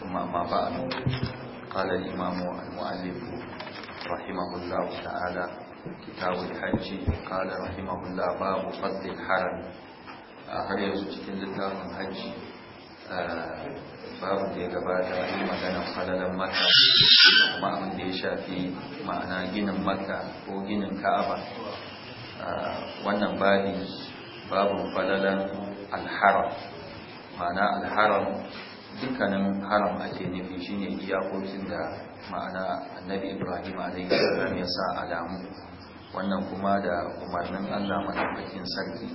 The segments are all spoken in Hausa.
ثم أما بعد قال الإمام المؤلف رحمه الله تعالى كتاب الحج قال رحمه الله باب فضل الحرم har yanzu cikin littafin hajji babu da ya gabata yi magana falalan maka kuma abin da ya shafi ma'ana ginin maka ko ginin ka'aba wannan babi babu falalan ma'ana alharam dukkanin haram ake nufi shine iyakokin da ma'ana annabi ibrahim alaihi salam ya sa alamu wannan kuma da umarnin allah madaukakin sarki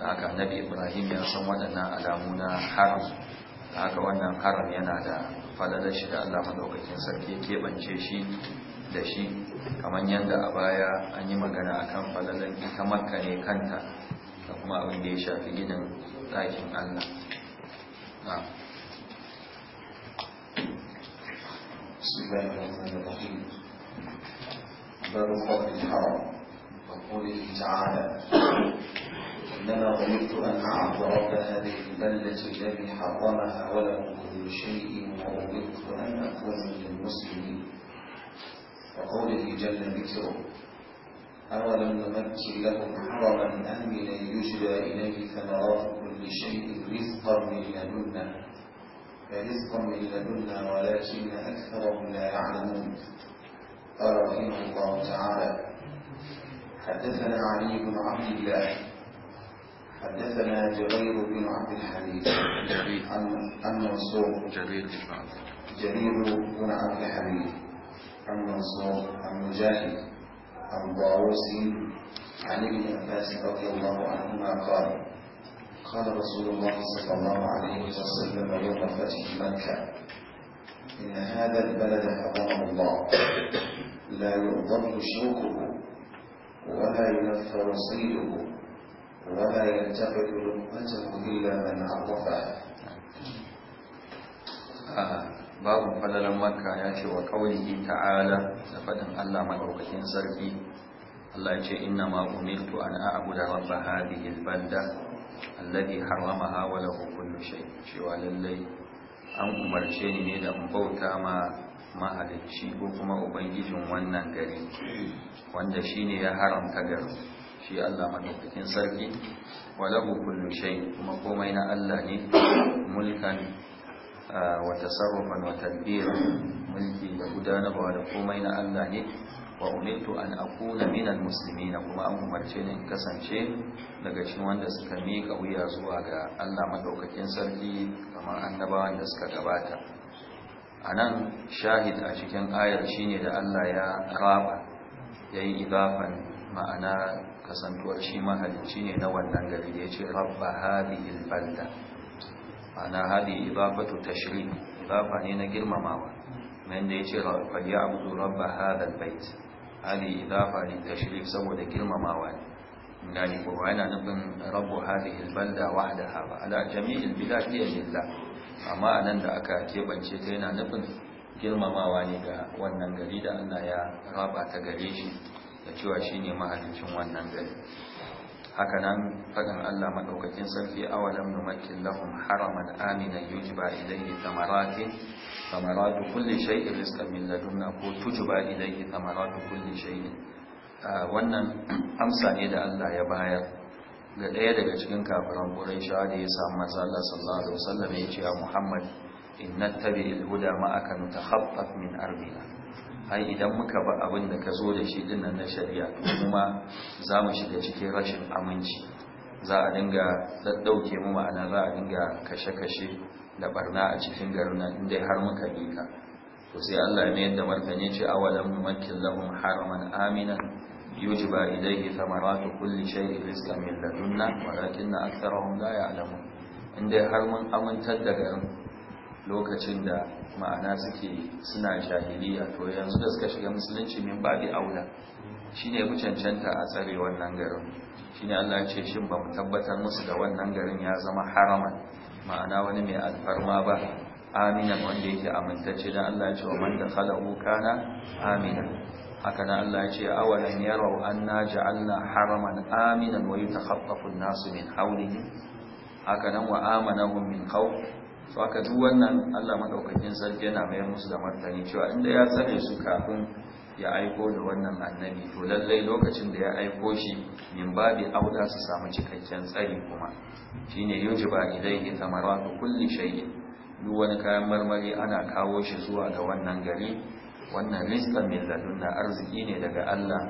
Da haka annabi ibrahim ya san waɗannan alamu na haram da haka wannan haram yana da faɗaɗar shi da allah madaukakin sarki keɓance shi da shi kamar yadda a baya an yi magana a kan faɗaɗar ita makka ne kanta da kuma abin da ya shafi gidan ɗakin allah بسم الله الرحمن الرحيم باب فضل الحرام وقوله تعالى إنما أمرت أن أعبد رب هذه البلدة الذي حرمها وله كل شيء وأمرت أن أكون من المسلمين وقوله جل ذكره أولم نمكن لهم حرما آمنا يجرى إليه ثمرات كل شيء رزقا من لدنا رزقا من لدنا ولكن أكثرهم لا يعلمون قال رحمه الله تعالى حدثنا علي بن عبد الله حدثنا جرير بن عبد الحميد عن منصور جرير بن عبد الحميد عن منصور عن مجاهد عن طاووس عن ابن عباس رضي الله عنهما قال قال رسول الله صلى الله عليه وسلم يوم فتح مكة إن هذا البلد حرام الله لا يضم شوكه ولا ينفر صيده ولا ينتقد لقمته إلا من عرفه آه، باب فلل مكة يأتي وقوله تعالى لقد علم مدعوك سرقي الله يأتي إنما أمرت أن أعبد رب هذه البلدة alladhi haramaha wa lahu kullu shay cewa lallai an umarce ni ne da in bauta ma mahalicci ko kuma ubangijin wannan gari wanda shine ya haramta garin shi Allah madaukakin sarki wa lahu kullu shay kuma komai na Allah ne mulkan Wata mulki da gudanarwa da komai na Allah ne wa umirtu an akuna minal na kuma an umarce ni kasance daga cikin wanda suka mika wuya zuwa ga Allah madaukakin sarki kamar annabawan da suka gabata anan shahid a cikin ayar shine da Allah ya raba yayi idafan ma'ana kasantuwar shi mahalicci ne na wannan gari da yace rabba hadhihi balda ana hadi idafatu tashrif idafa ne na girmamawa man da yace rabbi abudu rabb hadha albayt hadi idafa ne tashrif saboda girmamawa ne gani ko yana nufin rabb hadhihi albalda wahdaha ba ala jami'il bilad hiya lillah amma anan da aka kebance ta yana nufin girmamawa ne ga wannan gari da Allah ya raba ta gare shi da cewa shine mahalicin wannan gari haka nan faɗin Allah maɗaukakin sarki awalam numakkin lahum haraman aminan yujba ilayhi thamaratin thamaratu kulli shay'in rizqan min ladunna ko tujba ilayhi thamaratu kulli shay'in ah, wannan amsa ne da Allah ya bayar ga ɗaya daga cikin kafiran Qurayshawa da ya samu manzo sallallahu alaihi wasallam ya ce a Muhammad in nattabi al-huda ma aka haɓɓaf min ardina ai idan muka ba abin da ka zo da shi nan na shari'a kuma za mu shiga cikin rashin aminci za a dinga daddauke mu ma'ana za a dinga kashe-kashe da barna a cikin garin nan inda har muka bi ka to sai Allah ya mayar da martani ce awalan mumakkin lahum haraman amina yujiba ilayhi thamaratu kulli shay'in rizqan min ladunna walakinna aktharuhum la ya'lamun inda har mun amintar da garin lokacin da ma'ana suke suna jahiliya to yanzu da suka shiga musulunci min ba bi aula shine mu cancanta a tsare wannan garin shine Allah ya ce shin ba mu tabbatar musu da wannan garin ya zama haraman ma'ana wani mai alfarma ba aminan wanda yake amintacce dan Allah ya ce wa man khalaqu kana aminan haka nan Allah ya ce awalan yarau anna ja'alna haraman aminan wa yatakhaffafu an-nasu min hawlihi haka nan wa amanahum min khawf to aka duk wannan Allah madaukakin sarki yana mai musu da martani cewa inda ya tsare su kafin ya aiko da wannan annabi to lallai lokacin da ya aiko shi min babi auda su samu cikakken tsari kuma shine yujiba ilaihi ka kulli shay'in duk wani kayan marmari ana kawo shi zuwa ga wannan gari wannan rizqa min ladunna arziki ne daga Allah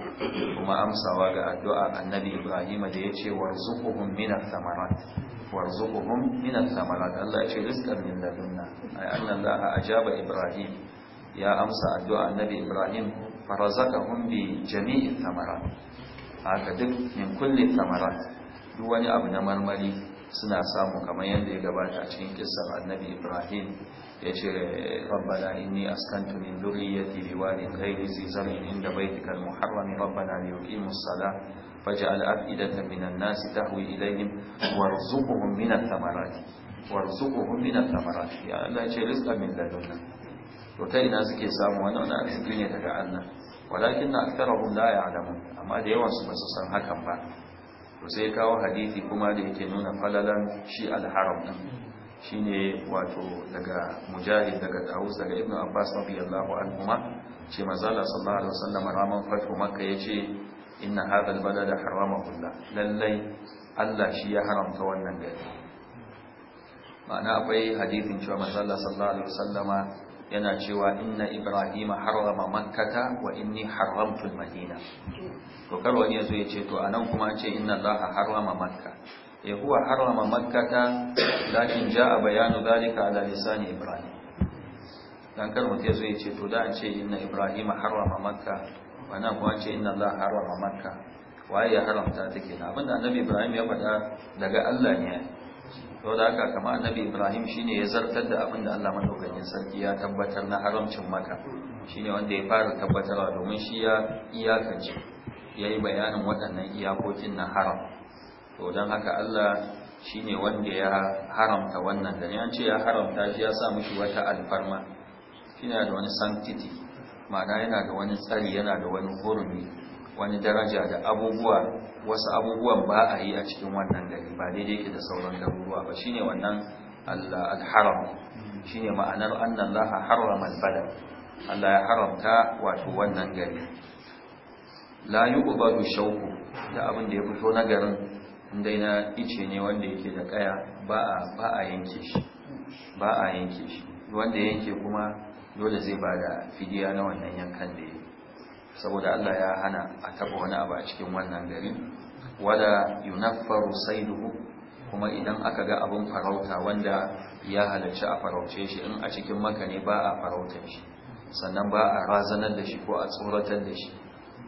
kuma amsawa ga addu'a annabi Ibrahim da yace warzuquhum min ath-thamarat warzuquhum min ath-thamarat Allah ce rizqan min ladunna ai annan a ajaba Ibrahim ya amsa addu'a annabi Ibrahim farazaqahum bi jami'i ath-thamarat haka duk min kulli ath-thamarat duk wani abu na marmari suna samu kamar yadda ya gabata a cikin kissar annabi Ibrahim ya ce rabbana inni askantu min dhurriyyati biwadin ghairi zi zar'in inda baitikal muharram rabbana liyuqimus salah faj'al af'idatan minan nas tahwi ilayhim warzuqhum min ath-thamarati warzuqhum min ath ya Allah ya ce rizqan min ladunna to ta ina suke samu wannan arziki ne daga Allah walakin aktharuhum la ya'lamun amma da yawan su ba su san hakan ba to sai kawo hadisi kuma da yake nuna falalan shi al-haram din shine wato daga mujahid daga Dawus daga Ibn Abbas radiyallahu anhuma ce manzala sallallahu alaihi wasallam raman fatu makka yace inna hadha albalada haramahu Allah lallai Allah shi ya haramta wannan gari ma'ana akwai hadithin cewa manzala sallallahu alaihi wasallama yana cewa inna ibrahima harrama makkata wa inni haramtu almadina to kar wani yazo yace to anan kuma an ce inna allaha harrama makka yahuwa harrama makkata lakin a bayanu zalika ala lisani ibrahim dan kar mutai zai ce to da an ce inna ibrahim harama makka wannan kuma ce inna allah harama makka waye ya haramta take abinda annabi ibrahim ya faɗa daga Allah ne to da haka kamar annabi ibrahim shine ya zartar da abinda Allah madaukakin sarki ya tabbatar na haramcin makka shine wanda ya fara tabbatarwa domin shi ya iyakance ya yi bayanin waɗannan iyakokin na haram to dan haka Allah shi ne wanda ya haramta wannan da ne an ce ya haramta shi ya sa mushi wata alfarma shi da wani sanctity ma'ana yana da wani tsari yana da wani hurumi wani daraja da abubuwa wasu abubuwan ba a yi a cikin wannan gari ba daidai ke da sauran abubuwa ba shine wannan al-haram shine ma'anar annan laha harrama al-badal Allah ya haramta wato wannan gari la yuqbalu shauku da abin da ya fito na garin dai na ice ne wanda yake da kaya ba a yanke shi ba a yanke shi wanda yanke kuma dole zai ba da fidiya na wannan yankan da ya saboda Allah ya hana a taba wani abu a cikin wannan gari wala yunaffaru saiduhu kuma idan aka ga abin farauta wanda ya halarci a farauce shi in a cikin maka ne ba a farautar shi sannan ba a razanar da shi ko a tsoratar da shi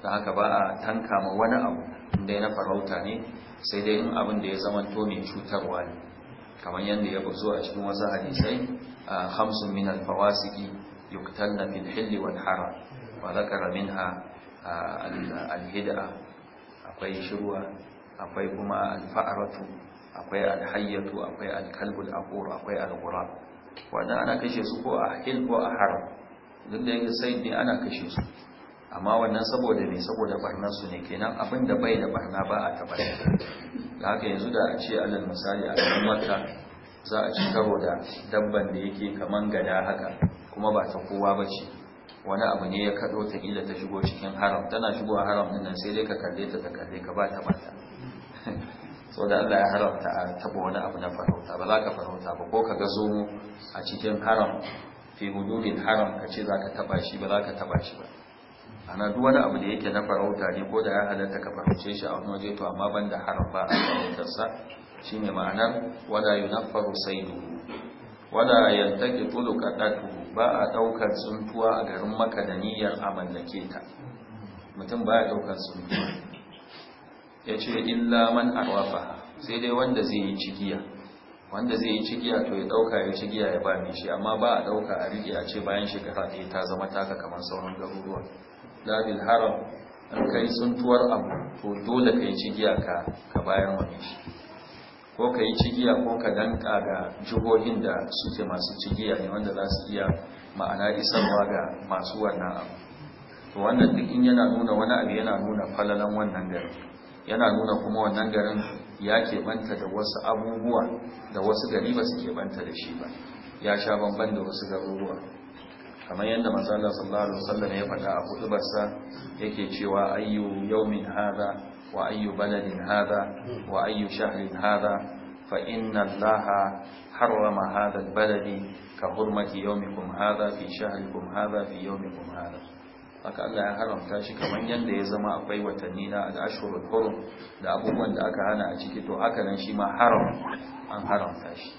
da haka ba a tanka ma wani abu inda na farauta ne sai dai in abin da ya zama to mai cutarwa ne kamar yadda ya zo a cikin wasu hadisai hamsin min alfawasiki na fil hilli wal haram wa zakara a alhid'a akwai shirwa akwai kuma alfa'aratu akwai alhayyatu akwai alkalbul aqur akwai al'wura. wannan ana kashe su ko a hil ko a haram duk da sai ne ana kashe su amma wannan saboda ne saboda barnar su ne kenan abin da bai da barna ba a taɓa da haka yanzu da a ce alal misali a cikin makka za a ci karo da dabban da yake kaman gada haka kuma ba ta kowa ba ce wani abu ne ya kaɗo ta ƙila ta shigo cikin haram tana shigo a haram din nan sai dai ka kalle ta ta kalle ka ba ta bata so da Allah ya haramta a taba wani abu na farauta ba za ka farauta ba ko ka ga zomo a cikin haram fi hududin haram ka ce za ka taba shi ba za ka taba shi ba ana duk wani abu da yake na farauta ne ko da ya halatta ka farauce shi a wani waje to amma ban da haram ba a farautarsa shi ne ma'anar wada yunaffaru saidu wada yantaki tulu kadatu ba a ɗaukar tsuntuwa a garin maka da niyyar a mallake ta mutum ba ya ɗaukar tsuntuwa ya ce illa man arwafa sai dai wanda zai yi cigiya wanda zai yi cigiya to ya dauka ya cigiya ya ba shi amma ba a dauka a rike a ce bayan shekara ɗaya ta zama taka kamar sauran garuruwa labil haram an kai tsuntuwar abu to dole ka yi cigiya ka bayan wani shi ko ka yi cigiya ko ka danka ga jihohin da suke masu cigiya ne wanda za su iya ma'ana isarwa ga masu wannan abu to wannan duk in yana nuna wani abu yana nuna falalan wannan garin yana nuna kuma wannan garin ya keɓanta da wasu abubuwa da wasu gari ba su keɓanta da shi ba ya sha bamban da wasu garuruwa kamar yadda manzala sallallahu alaihi wasallam ya faɗa a hudubarsa yake cewa ayyu yawmin hada wa ayyu baladin hada wa ayyu shahrin hada fa inna allaha harrama hada albaladi ka hurmati yawmikum hada fi shahrikum hada fi yawmikum hada haka Allah ya haramta shi kamar yadda ya zama akwai watanni na al-ashhurul hurum da abubuwan da aka hana a ciki to haka nan shi ma haram an haramta shi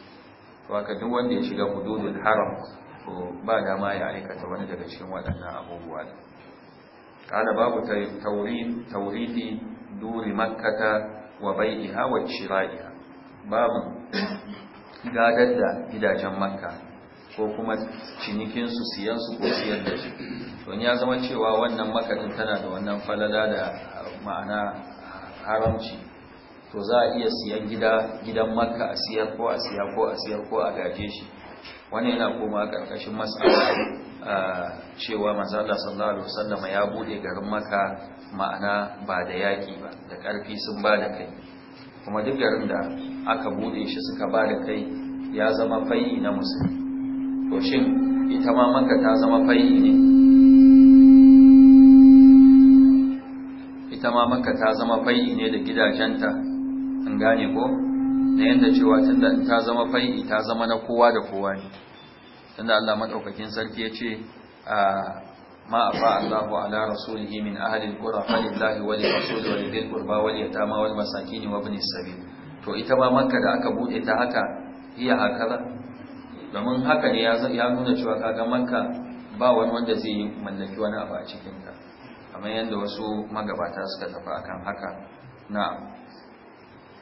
to haka duk wanda ya shiga hududul haram to ba dama ya aikata wani daga cikin waɗannan abubuwa ne kada babu tauridi duri makkata wa bai'iha wa shira'iha babu gadar da gidajen makka ko kuma cinikinsu siyansu ko siyar da su don ya zama cewa wannan makarin tana da wannan falala da ma'ana haramci to za a iya siyan gida gidan makka a siyar ko a siya ko a siyar ko a gaje shi wani yana koma karkashin mas'ala ah, cewa manzala sallallahu alaihi wasallam ya bude garin maka ma'ana ba da yaki ba da karfi sun ba da kai kuma duk garin da aka bude shi suka ba da kai ya zama fayi na musulmi to shin ita ma maka ta zama fayi ne ita ma maka ta zama fayi ne da gidajenta an gane ko na yadda cewa tunda in ta zama fai'i ta zama na kowa da kowa ne tunda Allah madaukakin sarki ya ce ما أفاء الله على رسوله من أهل القرى فلله وللرسول ولذي القربى واليتامى wa وابن السبيل to ita ma makka da aka bude ta haka iya haka domin haka ne ya nuna cewa kaga makka ba wani wanda zai yi mallaki wani abu a cikin ta kamar yadda wasu magabata suka tafi akan haka na'am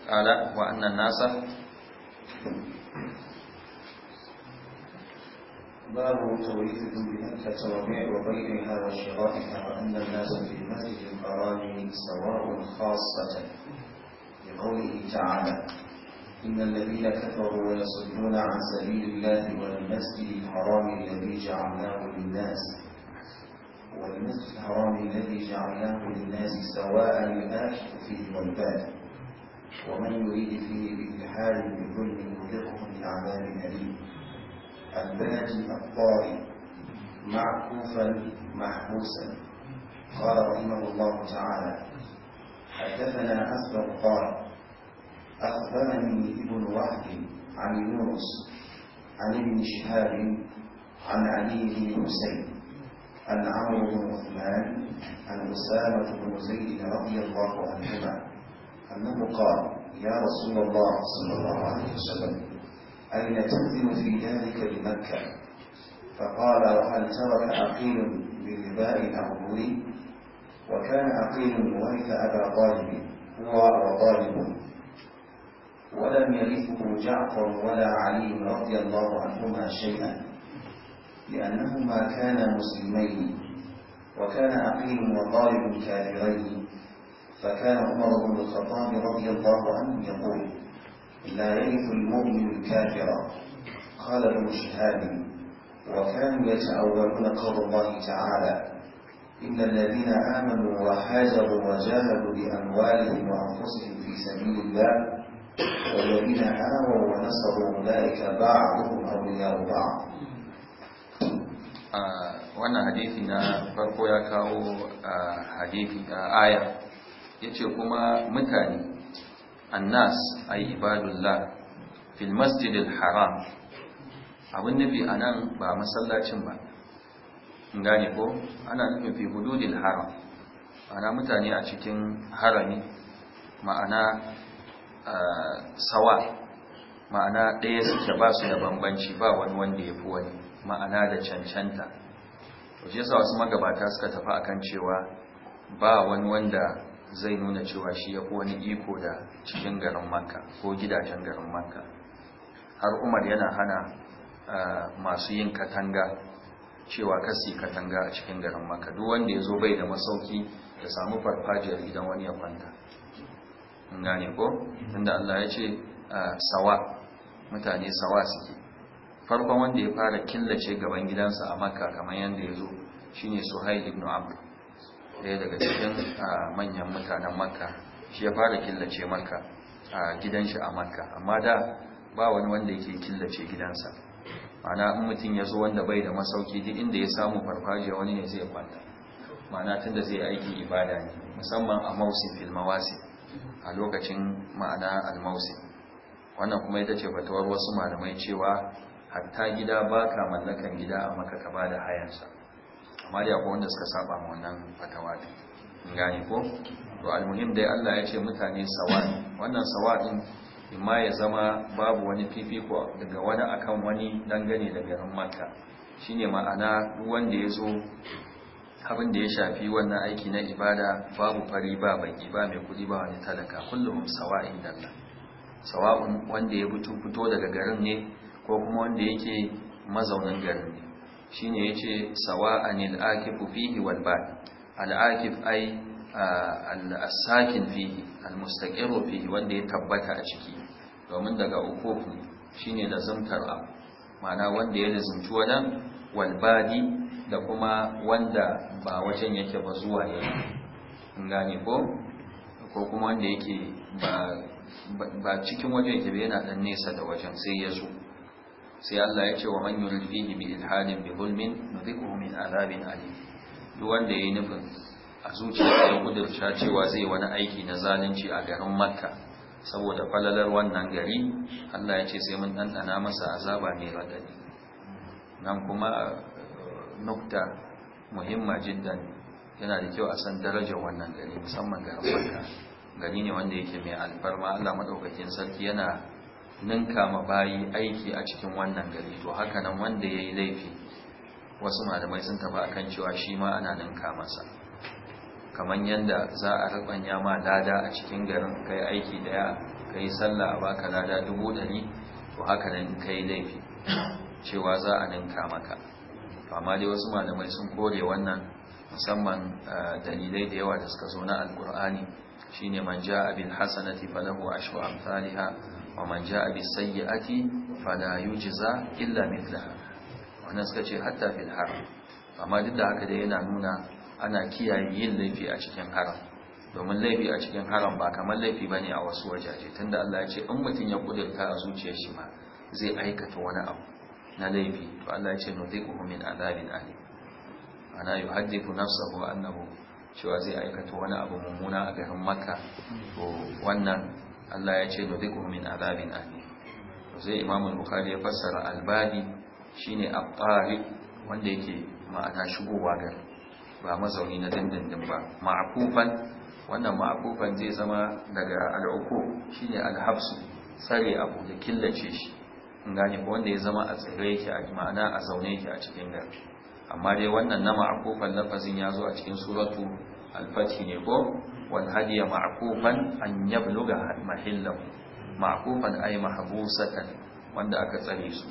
قال وأن الناس باب توريث بأن التوابع وغيرها وشرائها وأن الناس في مسجد القراني سواء خاصة لقوله تعالى إن الذين كفروا ويصدون عن سبيل الله والمسجد الحرام الذي جعلناه للناس والمسجد الحرام الذي جعلناه للناس سواء الآكل فيه والبادئ ومن يريد فيه بالإلحاد بظلم يذقه من عذاب أليم البنج الطاري معكوفا محبوسا قال رحمه الله تعالى حدثنا أسبق قال أخبرني ابن وهب عن يونس عن ابن شهاب عن علي بن حسين عن عمرو بن عثمان عن أسامة بن زيد رضي الله عنهما أنه قال يا رسول الله صلى الله عليه وسلم أين تؤذن في ذلك بمكة فقال وهل ترك عقيل بغباء أو بري وكان عقيل ورث أبا طالب هو وطالب ولم يرثه جعفر ولا علي رضي الله عنهما شيئا لأنهما كانا مسلمين وكان عقيل وطالب كافرين فكان عمر بن الخطاب رضي الله عنه يقول لا يرث المؤمن الكافر قال ابن شهاب وكانوا يتأولون قول الله تعالى إن الذين آمنوا وهاجروا وجاهدوا بأموالهم وأنفسهم في سبيل الله والذين آووا ونصروا أولئك بعضهم أولياء بعض wannan hadisi na farko ya kawo hadisi aya yace kuma mutane annas ay ibadullah fil masjidil haram abin nufi anan ba masallacin ba gane ko ana nufin fi hududil haram ana mutane a cikin harami ma'ana sawa ma'ana ɗaya suke ba su da bambanci ba wani wanda ya fi wani ma'ana da cancanta to shi yasa wasu magabata suka tafi akan cewa ba wani wanda zai nuna cewa shi ya wani iko da cikin garin makka ko gidajen garin makka har umar yana hana ah, masu yin katanga cewa kasi katanga a cikin garin makka duk wanda ya zo bai da masauki ya samu farfajiyar idan wani ya kwanta gane ko tunda allah ya ce ah, sawa mutane sawa suke farkon wanda ya fara killace gaban gidansa a makka kamar yadda ya zo shine suhail ibn abu ɗaya daga cikin manyan mutanen makka shi ya fara killace makka a gidan shi a makka amma da ba wani wanda yake killace gidansa mana in mutum ya zo wanda bai da masauki duk inda ya samu farfajiya wani ne zai kwanta mana tun da zai aiki ibada ne musamman a mausin filmawasi a lokacin ma'ana almausin wannan kuma ita ce fatawar wasu malamai cewa hatta gida ba ka mallakan gida a maka ka ba da hayansa kamar dai wanda suka saba ma wannan fatawa ne gani ko to almuhim dai Allah ya ce mutane sawa wannan sawa'in imma ya zama babu wani fifiko daga wani akan wani dangane da garin Makka shine ma'ana duk wanda ya abin da ya shafi wannan aiki na ibada babu fari ba baki ba mai kudi ba wani talaka kullum sawa'in dalla sawa'un wanda ya fito daga garin ne ko kuma wanda yake mazaunin garin ne shine yace sawa'anil akifu fihi wal baqi al akif ai al-sakin fihi al-mustaqiru fihi wanda ya tabbata a ciki domin daga ukufu shine lazumtar abu ma'ana wanda ya lazumci wadan wal badi da kuma wanda ba wajen yake ba zuwa ya in gane ko ko kuma wanda yake ba ba cikin wajen yake ba yana ɗan nesa da wajen sai ya zo sai Allah ya ce wa man yurid bi ilhadin bi zulmin nudhiquhu min azabin alim duk wanda yayi nufin a zuciya ya kudurta cewa zai wani aiki na zalunci a garin Makka saboda falalar wannan gari Allah ya ce sai mun ɗanɗana masa azaba mai radadi nan kuma nukta muhimma jiddan yana da kyau a san darajar wannan gari musamman garin Makka gari ne wanda yake mai alfarma Allah madaukakin sarki yana ninka ma bayi aiki a cikin wannan gari to haka nan wanda yayi laifi wasu malamai sun taba akan cewa shi ma ana ninka masa kaman yadda za a rubanya ma lada a cikin garin kai aiki daya kai sallah a baka lada dubu dari to haka nan kai laifi cewa za a ninka maka amma dai wasu malamai sun kore wannan musamman eh, dalilai da yawa da suka zo na alkur'ani shine man ja'a bil hasanati falahu ashwa amsalha wa man ja'a bi sayyi'ati fala yujza illa mithlaha wannan suka ce hatta fil haram amma duk da haka dai yana nuna ana kiyaye yin laifi a cikin haram domin laifi a cikin haram ba kamar laifi bane a wasu wajaje tunda Allah ya ce in mutun ya kudurta a zuciyar shi ma zai aikata wani abu na laifi to Allah ya ce nuziquhu min azabin ali ana yuhaddithu nafsahu annahu cewa zai aikata wani abu mummuna a garin makka to wannan Allah ya ce nuziquhu min azabin alim zai Imam Bukhari ya fassara albadi shine abqari wanda yake ma'ana shigowa gari ba mazauni na dindindin ba ma'kufan wannan ma'kufan zai zama daga al'uku shine alhabsu sare abu da killace shi in gane ko wanda ya zama a tsare yake a ma'ana a zaune yake a cikin gari amma dai wannan na ma'kufan lafazin ya zo a cikin suratu al-fatih ne ko والهدي معكوفا أن يبلغ محله معكوفا أي محبوسة وأن أكتريس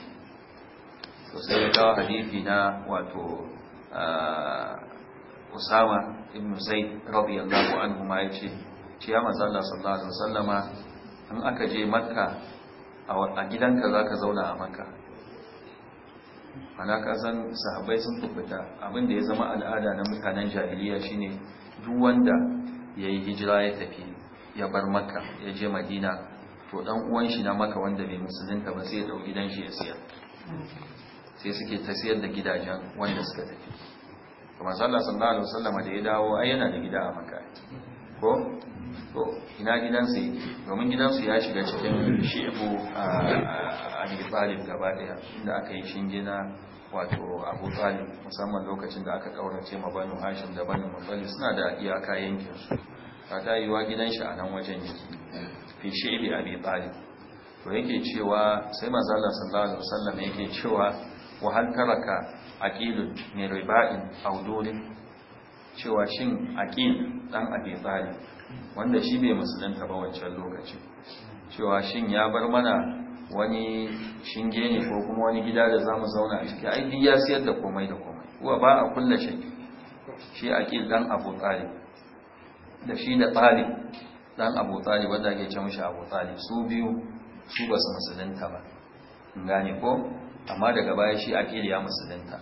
وسيكا حديثنا واتو أسامة ابن زيد رضي الله عنه ما يجي ciyama zalla sallallahu alaihi wasallama in aka je makka a gidanka zaka zauna a makka ana kasan sahabbai sun tabbata abinda ya zama al'ada na mutanen jahiliya shine duk wanda ya yi hijira ya tafi ya bar maka ya je madina to dan uwan shi na maka wanda bai musulunta ba sai ya dau gidan shi ya siya. sai suke ta siyar da gidajen wanda suka tafi kuma sallah sallallahu alaihi wasallam da ya dawo ai yana da gida a maka ko to ina gidansu yake domin gidansu ya shiga cikin shebu a ah, abu talib gaba daya inda aka yi shingina. wato abu talib musamman lokacin da aka ƙaurace ma banu hashim da banu mutalib suna da iyaka yankin ka ta yiwa gidan shi a nan wajen yake fi shi'ili abi talib to yake cewa sai manzala sallallahu alaihi wasallam yake cewa wa hal taraka aqilun min riba'in aw cewa shin aqil dan abi talib wanda shi bai musulunta ba wancan lokacin cewa shin ya bar mana wani shinge ne ko kuma wani gida da za mu zauna a ciki ai ya siyar da komai da komai kuwa ba a kulla shi shi a aqil ɗan abu tsari. da shi da tsari, ɗan abu tsari wanda ke can shi abu tsari. su biyu su ba su musulunta ba gane ko amma daga baya shi a aqil ya musulunta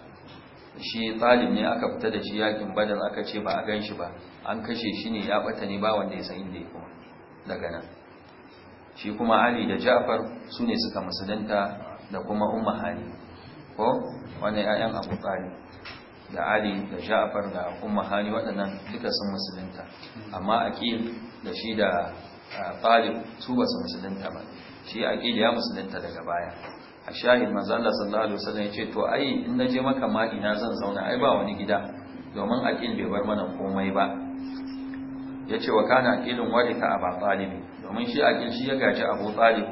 shi tsari ne aka fita da shi yakin Badan aka ce ba a gan shi ba an kashe shi ne ya ɓata ne ba wanda ya san inda ya kuma daga nan shi kuma ali da ja'far su ne suka musulunta da kuma umma hali ko wani ya'yan abu talib da ali da ja'far da umma hali waɗannan duka sun musulunta amma aqil da shi da talib su ba su musulunta ba shi aqil ya musulunta daga baya a shahid manzo Allah sallallahu alaihi wasallam yace to ai in naje maka ma ina zan zauna ai ba wani gida domin aqil bai bar mana komai ba yace wa kana aqilun ka aba talib domin shi a shi ya gaji abu tsari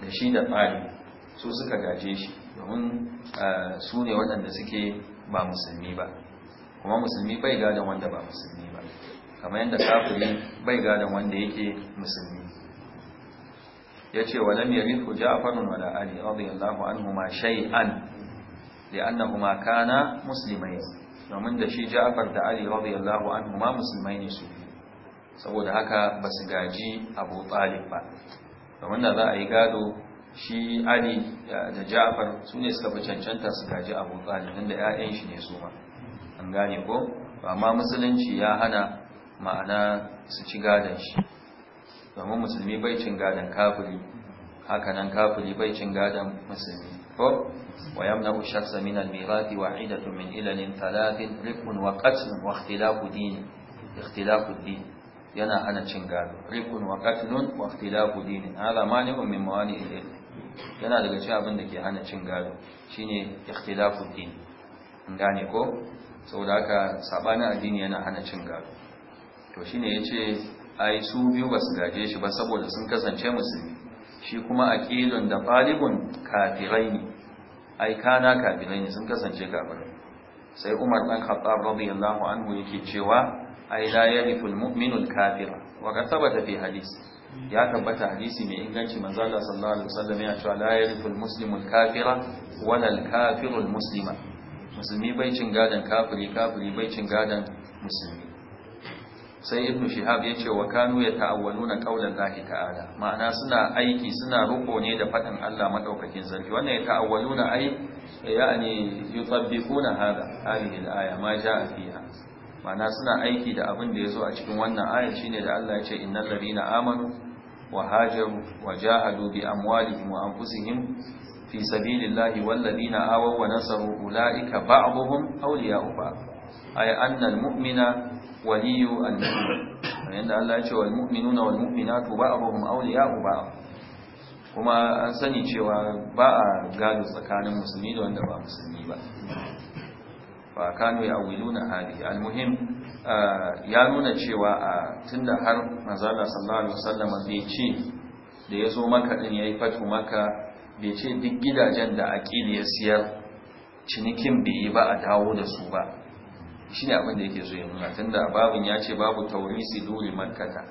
da shi da tsari su suka gaje shi domin eh, su ne waɗanda suke ba musulmi ba kuma musulmi bai gadon wanda ba musulmi ba kamar yadda kafiri bai gadon wanda yake musulmi ya ce wa lam yarithu ja'farun wala ali radiyallahu anhuma shay'an li'annahuma kana musulmai. domin da shi ja'far da ali radiyallahu ma musulmai ne su saboda haka ba su gaji abu talib ba domin da za a yi gado shi ali da ja'far su ne suka fi cancanta su gaji abu talib inda 'ya'yan shi ne su ma an gane ko amma musulunci ya hana ma'ana su ci gadon shi domin musulmi bai cin gadon kafiri hakanan kafiri bai cin gadon musulmi ko wa yamna'u shakhsan min al-mirathi wa'idatu min ilalin thalathin rifun wa qatl wa ikhtilafu din ikhtilafu din yana hana cin gado rikun wa qatlun wa ikhtilafu dinin mani mani'un min mawani ilm yana daga cikin abin da ke hana cin gado shine ikhtilafu din in gane ko saboda haka sabanin addini yana hana cin gado to shine yace ai su biyu ba su gaje shi ba saboda sun kasance musulmi shi kuma aqilun da falibun kafirain ai kana kafirain sun kasance kafirai sai Umar dan Khattab radiyallahu anhu yake cewa ai la yariful mu'minul kafira wa ka sabata fi hadisi ya tabbata hadisi mai inganci manzo Allah sallallahu alaihi wasallam ya cewa la yariful muslimul kafira wala al kafirul muslima musulmi bai cin gadan kafiri kafiri bai cin gadan musulmi sai Ibn shihab ya ce wa kanu yata'awwaluna qaulan lahi ta'ala ma'ana suna aiki suna ruko ne da fadin Allah madaukakin sarki wannan yata'awwaluna ai yani yutabbiquna hada hadhihi al-aya ma ja'a fiha mana suna aiki da abin da ya zo a cikin wannan ayar ne da Allah ya ce innal ladina amanu wa hajaru wa jahadu bi amwalihim wa anfusihim fi sabilillahi wal ladina awaw wa nasaru ulaika ba'dhum awliya'u ba'd ay annal mu'mina waliyu an-nabiy yanda Allah ya ce wal mu'minuna wal mu'minatu ba'dhum awliya'u ba'd kuma an sani cewa ba a gado tsakanin musulmi da wanda ba musulmi ba wa kanu ya awiluna hali almuhim uh, ya nuna cewa a uh, tunda har manzala sallallahu alaihi wasallam bai ce da yazo maka din yayi fatu maka bai ce duk gidajen da aqili ya siyar cinikin bai yi ba a dawo da su ba shine abin da yake so ya nuna tunda babun ya ce babu tawrisi duri makkata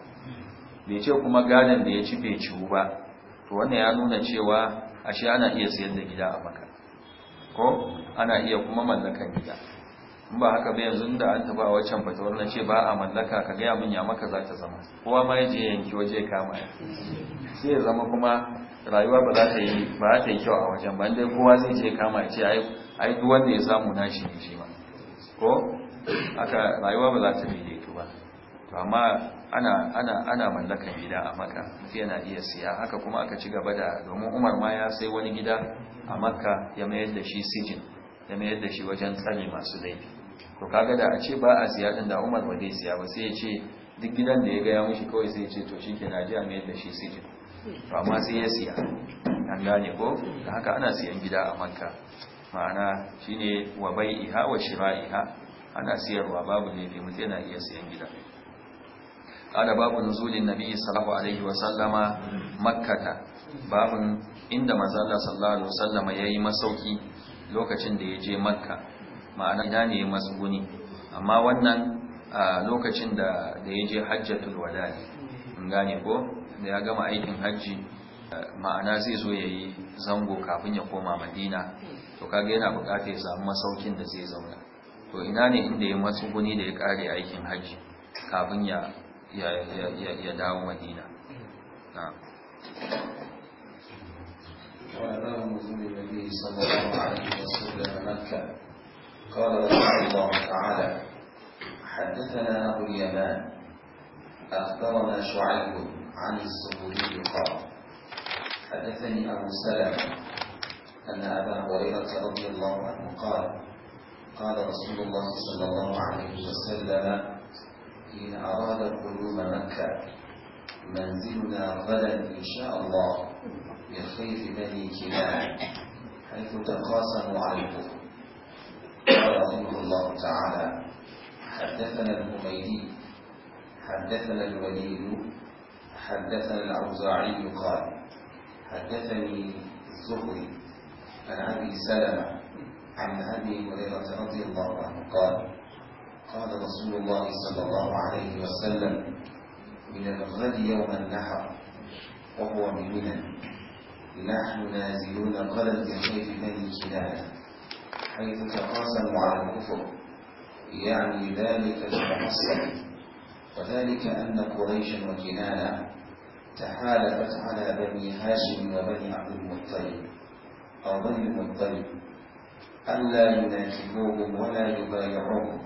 bai ce kuma gadan da ya ci bai ciwu ba to wannan ya nuna cewa ashe ana iya siyar da gida a maka ko ana iya kuma mallakan gida ba haka ba yanzu da an taba a waccan fatawar na ce ba a mallaka ka gaya min ya maka za ta zama kowa ma yaje yanki waje kama sai ya zama kuma rayuwa ba za ta yi ba ta yi kyau a wajen ba dai kowa zai je kama ya ce ai ai duk wanda ya samu nashi ne shi ma ko aka rayuwa ba za ta yi daidaito ba to amma ana ana ana mallakan gida a maka sai yana iya siya haka kuma aka ci gaba da domin Umar ma ya sai wani gida a Makka ya mayar da shi sijin ya mayar da shi wajen tsare masu laifi to kaga da a ce ba a siya din da Umar ba zai siya ba sai ya ce duk gidan da ya ga ya mushi kawai sai ya ce to shi ke na ji a mayar da shi sijin to amma sai ya siya an gane ko da haka ana siyan gida a makka ma'ana shine wa bai'iha wa shira'iha ana siyarwa babu ne bi mutum yana iya siyan gida babu babu نزول النبي صلى alaihi wa sallama Makkata, babun inda manzo Allah sallallahu alaihi sallama yayi masauki lokacin da ya je Makka ma'ana gida ne guni, amma wannan a lokacin da ya je hajjatul wada ne, in gane ko da ya gama aikin hajji ma'ana zai zo ya yi zango kafin ya koma madina to kaga yana bukatar ya samu masaukin da zai zauna to ina ne inda ya matsuguni da ya kare aikin hajji kafin ya dawo madina وأمام النبي صلى الله عليه وسلم مكة قال رحمه الله تعالى حدثنا أبو اليمان أخبرنا شعيب عن الزهري قال حدثني أبو سلمة أن أبا هريرة رضي الله عنه قال قال رسول الله صلى الله عليه وسلم إن أراد قدوم مكة منزلنا غدا إن شاء الله بخير بني كلاب حيث تقاسموا عليكم قال رحمه الله تعالى حدثنا الحميدي حدثنا الوليد حدثنا الأوزاعي قال حدثني الزهري عن أبي سلمة عن أبي هريرة رضي الله عنه قال قال رسول الله صلى الله عليه وسلم من الغد يوم النحر وهو بمنى نحن نازلون قلب بخير بني كنانه حيث تقاسموا على الكفر يعني ذلك المحصن وذلك أن قريشا وكنانة تحالفت على بني هاشم وبني عبد المطلب أو بني المطلب ألا يناكلوهم ولا يبايعوهم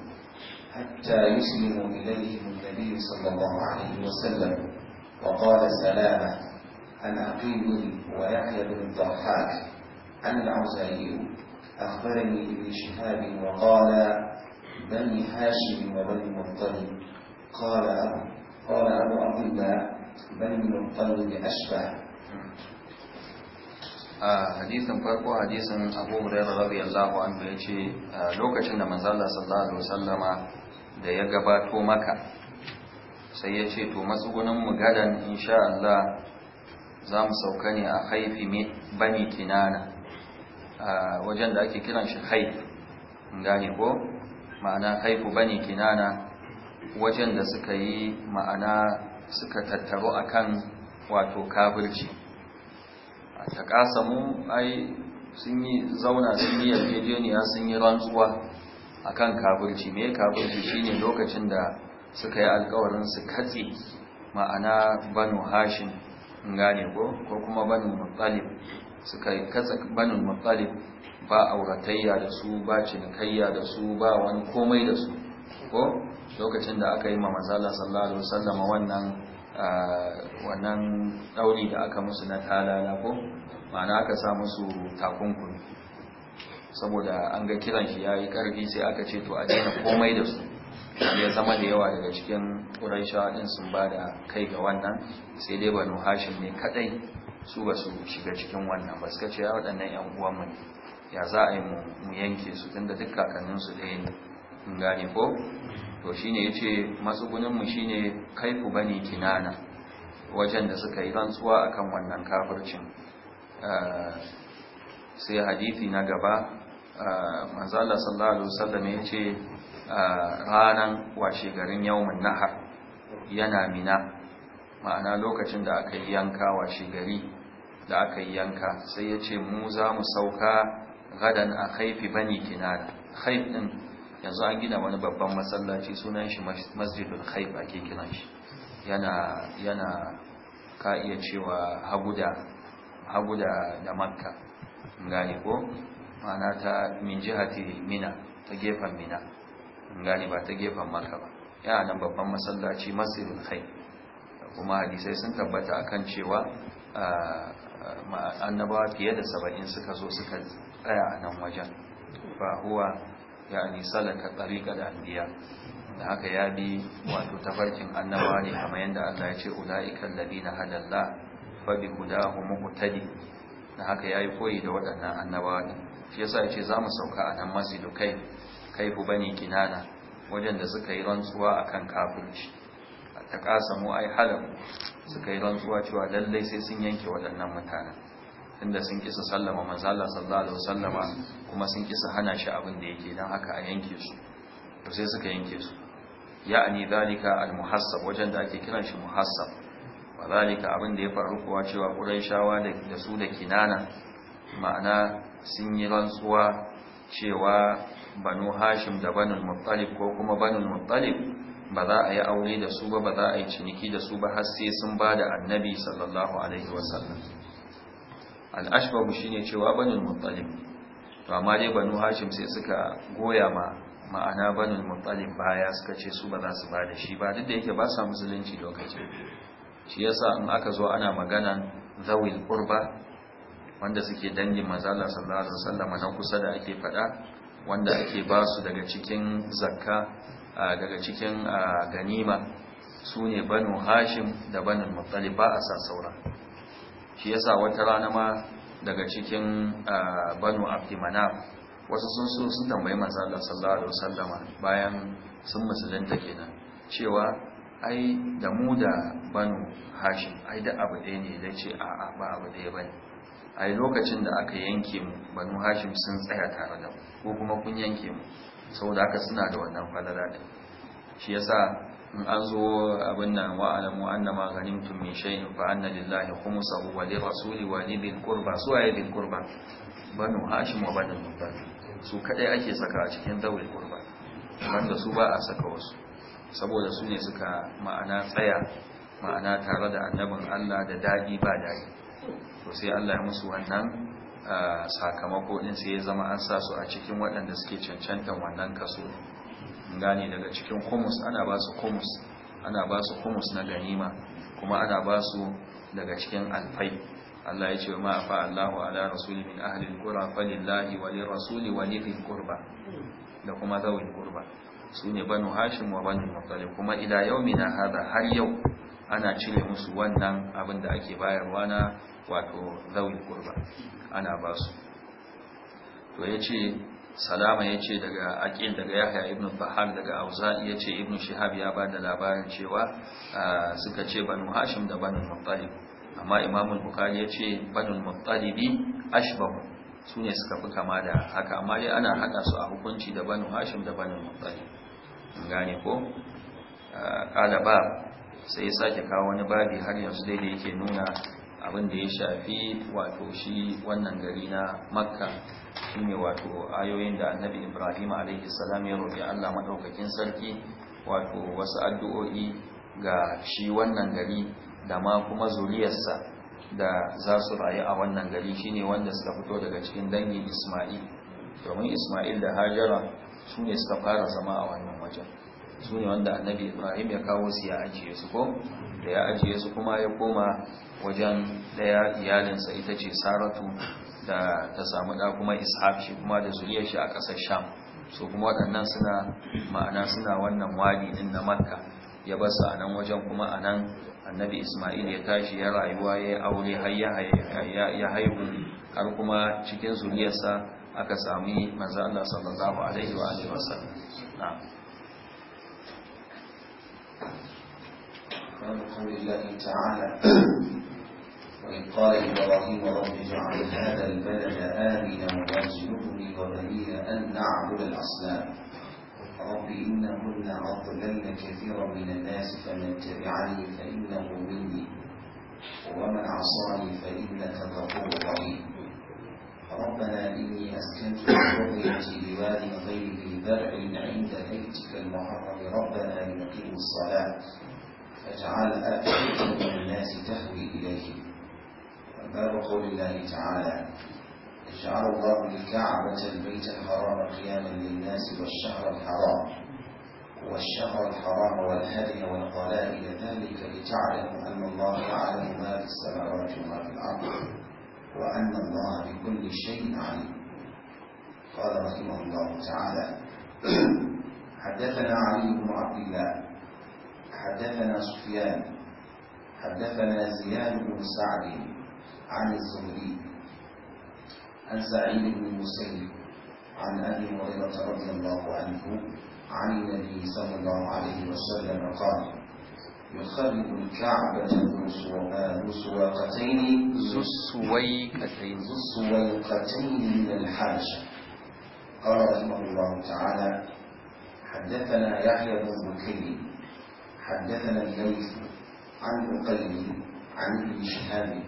حتى يسلموا إليهم النبي صلى الله عليه وسلم وقال سلامة عن عقيل ويحيى بن الضحاك عن أخبرني ابن شهاب وقال بني هاشم وبني مطلب قال قال أبو عبد الله بني مطلب أشبه a hadisin farko hadisin abu hurairar rabi allahu an ya ce lokacin da manzala sallallahu alaihi wasallama da ya gabato maka sai ya ce to matsugunan mu gadan insha Allah za mu sauka ne a haifi bani kinana a wajen da ake kiran shi haif gane ko ma'ana haifu bane kinana wajen da suka yi ma'ana suka tattaro akan wato kabirci. a mu ai sun yi zauna sun yi yarjejeniya sun yi rantsuwa akan kafirci me shi shine lokacin da suka yi alkawarin su katse ma'ana banu hashin gane ko ko kuma banu muttalib suka yi katsa banin muttalib ba auratayya da su ba cinikayya da su ba wani komai da su ko lokacin da aka yi ma matsala sallallahu alaihi wasallam wannan wannan dauri da aka musu na talala ko ma'ana aka sa musu takunkumi saboda an ga kiran shi yi karfi sai aka ce to a daina komai da su ya zama da yawa daga cikin ƙuraishawa din sun ba da kai ga wannan sai dai banu hashim ne kaɗai. su ba su shiga cikin wannan ba suka ce ya waɗannan ‘yan uwanmu ne ya za a yi mu yanke su Tun da duk kakanninsu ɗaya ne in gane ko to shi ne ya ce matsuguninmu shi ne kai ku bane kinana wajen da suka yi rantsuwa a kan wannan kafircin eh, sai hadithi na gaba eh, manzala sallallahu alaihi ya ce eh, ranan washe garin yawmin nahar yana mina ma'ana lokacin da aka yi yanka wa gari da aka yi yanka sai ya ce mu za mu sauka gadan a haifi bani kinana haif ɗin yanzu an gina wani babban masallaci sunan shi masjidun haif ake kiran shi yana ka iya cewa haguda da makka gani ko ma'ana ta min jihati mina ta gefen mina gani ba ta gefen makka ba yana nan babban masallaci masjidul haif kuma hadisai sun tabbata akan cewa annabawa fiye da saba'in suka zo suka tsaya a nan wajen ba huwa ya nisala ka tsarika da da haka ya bi wato tafarkin annabawa ne kama yadda Allah ya ce ula'ikan na hadalla fa bi homo muqtadi da haka yi koyi da waɗannan annabawa ne shi yasa ya ce mu sauka a nan dukai kai kaifu bani kinana wajen da suka yi rantsuwa akan kafirci ta mu ai halamu suka yi rantsuwa cewa lallai sai sun yanke waɗannan mutanen inda sun kisa sallama manzala sallallahu alaihi kuma sun kisa hana shi abin da yake dan haka a yanke su to sai suka yanke su ya'ani zalika almuhassab wajen da ake kiran shi muhassab wa zalika abin da ya faru kuwa cewa shawa da su da kinana ma'ana sun yi rantsuwa cewa banu hashim da banul muttalib ko kuma banul muttalib ba za a yi aure da su ba ba za a yi ciniki da su ba har sai sun ba da annabi sallallahu alaihi wasallam al'ashbabu shine cewa banin muttalib to amma dai banu hashim sai suka goya ma ma'ana banul muttalib baya suka ce su ba za su ba da shi ba duk da yake ba sa musulunci lokacin shi yasa in aka zo ana maganan zawil qurba wanda suke dangin manzala sallallahu alaihi wasallam na kusa da ake fada wanda ake ba su daga cikin zakka daga cikin ganima su ne banu hashim da banu matsali ba a sa saura shi yasa wata rana ma daga cikin banu abdimana wasu sun so sun tambayi masu Allah sallallahu alaihi wasallama bayan sun musulunta kenan cewa ai da mu da banu hashim ai da abu ɗaya ne dai ce a'a ba abu ɗaya bane ai lokacin da aka yanke mu banu hashim sun tsaya tare da mu ko kuma kun yanke mu saboda haka suna da wannan falala ne shi yasa in an zo abin nan wa alamu annama ganimtum min shay'in fa anna lillahi khumsahu wa li rasuli wa li bil qurba su ayi bil qurba banu hashim wa banu mutar su kadai ake saka a cikin dawil qurba da su ba a saka wasu saboda su ne suka ma'ana tsaya ma'ana tare da annabin Allah da dadi ba dadi to sai Allah ya musu wannan sakamako in sai ya zama an sa su a cikin waɗanda suke cancantan wannan kaso gani daga cikin kumus ana ba su kumus ana ba su kumus na ganima kuma ana ba su daga cikin alfai Allah ya ce ma fa Allahu ala rasuli min ahli alqura falillahi wa lirrasuli wa lil qurba da kuma zawil qurba sune banu hashim wa banu muttalib kuma ila yaumina hada har yau ana cire musu wannan abin da ake bayarwa na wato zaun kurba ana ba su to ya ce salama ya ce daga aƙin daga yahya ibn fahar daga auza'i ya ce ibn shihab ya ba da labarin cewa suka ce banu hashim da banu muttalib amma imamul bukari ya ce banu muttalibi ashbahu su ne suka fi kama da haka amma dai ana haɗa su a hukunci da banu hashim da banu muttalib gane ko ƙalaba sai ya sake kawo wani babi har yanzu dai da yake nuna abin da ya shafi wato shi wannan gari na makka shine wato ayoyin da annabi ibrahim alaihi salam ya roƙi allah maɗaukakin sarki wato wasu addu'o'i ga shi wannan gari da ma kuma zuriyarsa da za su rayu a wannan gari shi ne wanda suka fito daga cikin dangin isma'il domin isma'il da hajara su ne suka fara zama a wannan wajen su ne wanda annabi ibrahim ya kawo su ya ajiye su ko da ya ajiye su kuma ya koma wajen daya iyalinsa ita ce saratu da ta samu da kuma ishaq shi kuma da zuriyar shi a ƙasar sham su kuma waɗannan suna ma'ana suna wannan wadi din na makka ya bar su a nan wajen kuma a nan annabi ismail ya tashi ya rayuwa ya aure har ya haihu har kuma cikin zuriyarsa aka sami manzo Allah sallallahu alaihi wa alihi wasallam na'am باب قول الله تعالى وإن قال إبراهيم رب اجعل هذا البلد آمنا واجنبني وبني أن نعبد الأصنام رب إنهن أضللن كثيرا من الناس فمن تبعني فإنه مني ومن عصاني فإنك غفور رحيم ربنا إني أسكنت ذريتي بواد غير ذي درع عند بيتك المحرم ربنا ليقيموا الصلاة فاجعل أفئدة من الناس تهوي إليه باب قول الله تعالى اجعل الله الكعبة البيت الحرام قياما للناس والشهر الحرام والشهر الحرام والهدي والقلائل ذلك لتعلموا أن الله يعلم ما في السماوات وما في الأرض وأن الله بكل شيء عليم قال رحمه الله تعالى حدثنا علي بن عبد الله حدثنا سفيان حدثنا زياد بن سعد عن الزهري عن سعيد بن المسيب عن ابي هريره رضي الله عنه عن النبي صلى الله عليه وسلم قال يخلق الكعبة ذو سواقتين ذو السويقتين ذو السويقتين من الحاجة قال رحمه الله تعالى حدثنا يحيى بن بكير حدثنا الليث عن أقيم عن ابن شهاب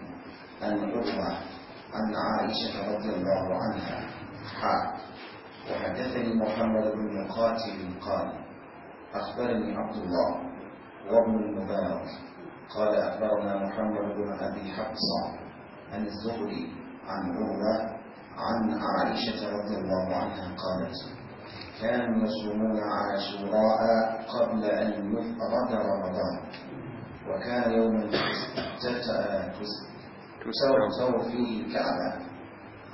أن عقبة عن عائشة رضي الله عنها حاء وحدثني محمد بن مقاتل قال أخبرني عبد الله وابن المبارك قال أخبرنا محمد بن أبي حفصة عن الزهري عن عروة عن عائشة رضي الله عنها قالت كانوا يصومون عاشوراء قبل أن يفرد رمضان وكان يوم تستر فيه الكعبة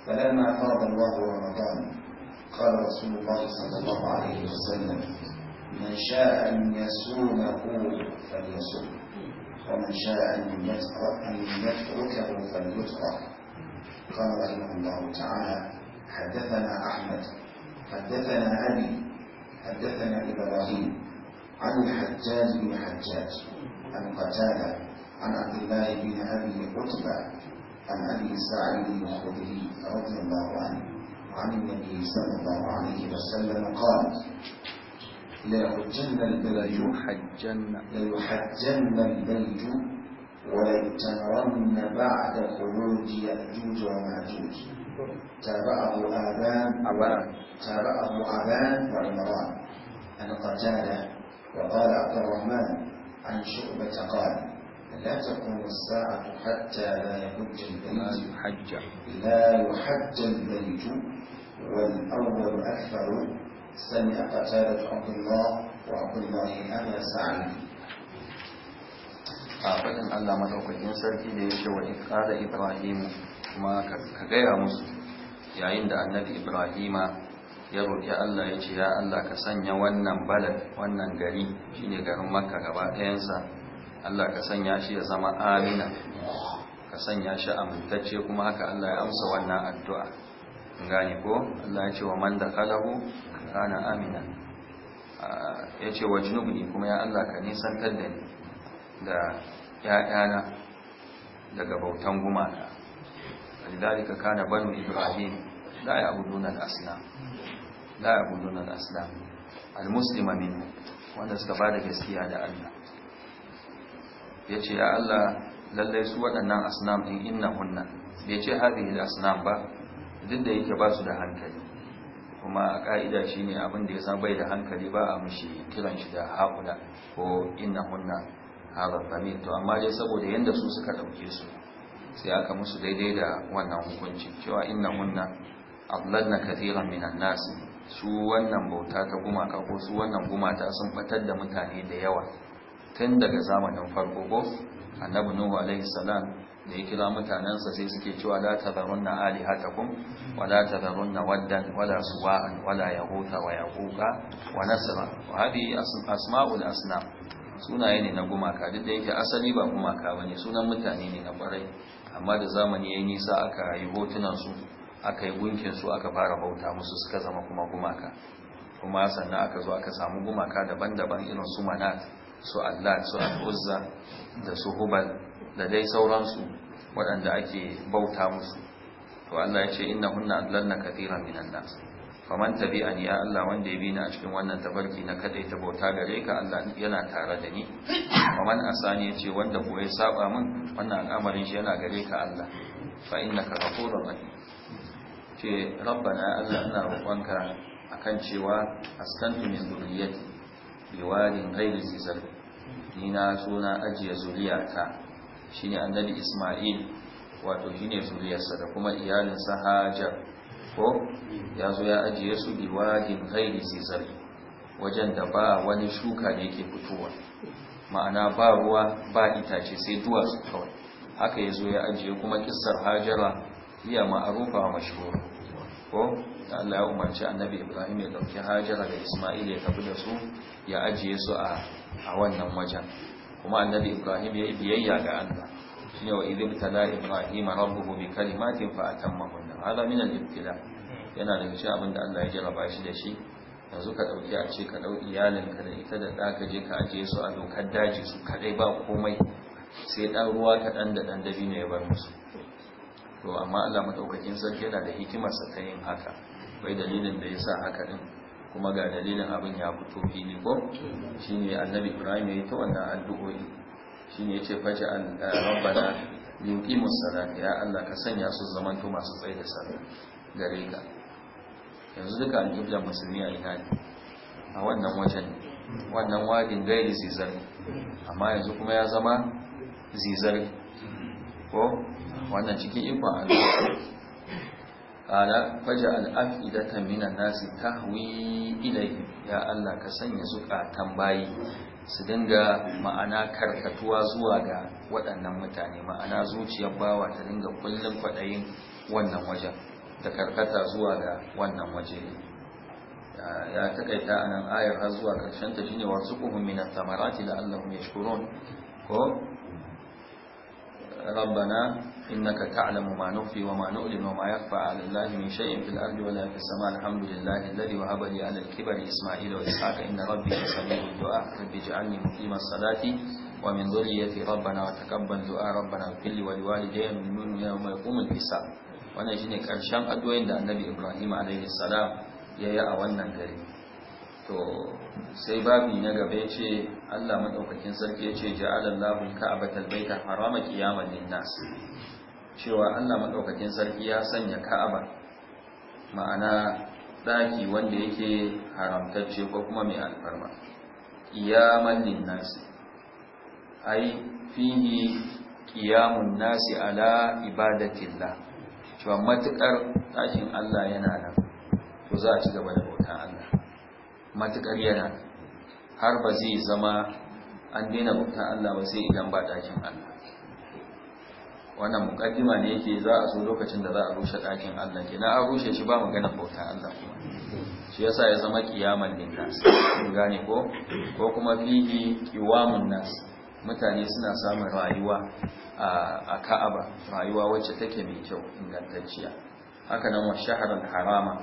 فلما فرض الله رمضان قال رسول الله صلى الله عليه وسلم من شاء أن يصومه فليصوم ومن شاء أن يتركه فليترك قال رحمه الله تعالى حدثنا أحمد حدثنا أبي حدثنا إبراهيم عن الحجاج بن حجاج عن قتادة عن عبد الله بن أبي قتبة عن أبي سعيد الخدري رضي الله عنه عن النبي صلى الله عليه وسلم قال ليحجن لا يحجن البلد ولا يتمرن بعد خروج يأجوج ومأجوج تابعه آذان أولا تابعه آذان وعمران أن قتال وقال عبد الرحمن عن شعبة قال لا تقوم الساعة حتى لا يحج البلج لا يحج البيت والأول أكثر سمع قتادة عبد الله وعبد الله أبا سعيد faɗin Allah madaukakin sarki da ya ce wa ikada Ibrahim kuma ka gaya musu yayin da annabi Ibrahima ya roƙi Allah ya ce ya Allah ka sanya wannan balad wannan gari shine garin Makka gaba ɗayansa Allah ka sanya shi ya zama amina ka sanya shi amintacce kuma haka Allah ya amsa wannan addu'a gane ko Allah ya ce wa man dakhalahu kana amina ya ce wa junubni kuma ya Allah ka nisan da ni da ‘ya'yana daga bautan gumana, dalilika kana banu ibrahim la ya abudun al'asna la ya abudun al'asna al-muslima min wanda suka ba da gaskiya da Allah ya ce ya Allah lallai su waɗannan asnam ɗin inna hunna ya ce hadhihi al-asnam ba duk da yake ba su da hankali kuma a ka'ida shi ne abin ya san bai da hankali ba a mushi kiran shi da haƙula ko ina hunna a tamir to amma dai saboda yadda su suka ɗauke su sai aka musu daidai da wannan hukunci cewa ina hunna na kathiran minan nasi su wannan bauta ta gumaka ko su wannan gumata sun batar da mutane da yawa tun daga zamanin farko ko annabi nuhu alaihi salam da ya kira mutanensa sai suke cewa la tadharunna alihatakum wa la tadharunna waddan wa la suwa'an wa la yahuta wa yaquqa wa nasra wa asma'ul Asna. sunaye ne na gumaka duk da yake asali ba gumaka ba ne, sunan mutane ne na ƙwarai, amma da zamani yi nisa aka yi hotunansu, su aka yi gunkin su aka fara bauta musu suka zama kuma gumaka kuma sannan aka zo aka samu gumaka daban-daban irin su manat su allat su al da su hubal da dai sauransu waɗanda ake bauta musu to Allah ya ce hunna adlanna kathiran minan nas faman tabi'ani ya Allah wanda ya bi ni a cikin wannan tabarki na kadai ta bauta gare ka Allah yana tare da ni faman asani ya ce wanda ko ya saba min wannan al'amarin shi yana gare ka Allah fa innaka ghafurur rahim ce rabbana Allah ina roƙonka akan cewa askantu min zurriyyati biwadin ghairi zizal ni na so na ajiye zuriyata shine annabi Isma'il wato shine zuriyarsa da kuma iyalinsa Hajar ko ya zo ya ajiye su biwahin ghairi zizari wajen da ba wani shuka da yake fitowa ma'ana ba ruwa ba itace sai duwatsu kawai haka ya ya ajiye kuma kissar hajara iya ma'arufa wa mashhur ko Allah ya umarci annabi Ibrahim ya dauki hajara da Isma'il ya tafi da su ya ajiye su a a wannan wajen kuma annabi ibrahim ya biyayya ga allah shine wa idh tala ibrahim rabbuhu bi kalimatin fa atammahunna hada min al-ibtila yana da shi abin da Allah ya jarraba shi da shi yanzu ka dauki a ce ka dau iyalin ka da ita da da ka je ka ajiye su a dokar daji su kadai ba komai sai dan ruwa ka dan da dan dabi ne ya bar musu to amma Allah madaukakin sarki yana da hikimar sa ta yin haka bai dalilin da yasa haka din kuma ga dalilin abin ya fito fili ko ne annabi ibrahim ya yi ta wannan addu'o'i ne ya ce faji an eh, rabbana yuqimus salata ya Allah ka sanya su zaman to masu tsaye da sallah gare ka yanzu duka alƙiblar musulmi a ina ne a wannan wajen wannan wajen gairi zizar amma yanzu kuma ya zama zizar ko wannan cikin ikon Allah قال فجعل nasi ta الناس تهوي ya Allah ka sanya يزقى تنباي su dinga ma'ana karkatuwa zuwa ga waɗannan mutane ma'ana zuciyar bawa ta dinga kullum kwaɗayin wannan wajen da karkata zuwa ga wannan waje ya takaita a nan ayar har zuwa ƙarshen ta shine wasu kuhun minar tamarati da allahun ya ko rabbana إنك تعلم ما نخفي وما نؤلن وما يخفى على الله من شيء في الأرض ولا في السماء الحمد لله الذي وهب لي على الكبر إسماعيل وإسحاق إن ربي لسميع الدعاء رب اجعلني مقيم الصلاة ومن ذريتي ربنا وتقبل دعاء ربنا اغفر لي ولوالدي من يوم يقوم الحساب wannan shine karshen addu'o'in da Annabi Ibrahim alaihi salam yayi a wannan gari to sai babi na gaba yace Allah madaukakin sarki yace ja'alallahu ka'abatal baita harama qiyaman lin nas cewa Allah madaukakin sarki ya sanya Ka'aba ma'ana daki wanda yake haramtacce ko kuma mai alfarma qiyamun linnas ai fihi qiyamun nasi ala ibadatillah cewa matukar dakin Allah yana nan to za a ci gaba da bautan Allah matukar yana har ba zai zama an daina bauta Allah ba sai idan ba dakin Allah wannan mukaddima ne yake za a so lokacin da za a rushe ɗakin Allah kenan an rushe shi ba magana bauta Allah kuma shi yasa ya zama kiyaman linnas kun gane ko ko kuma fihi kiwamun nas mutane suna samun rayuwa a Ka'aba rayuwa wacce take mai kyau ingantacciya haka nan wa shahrul harama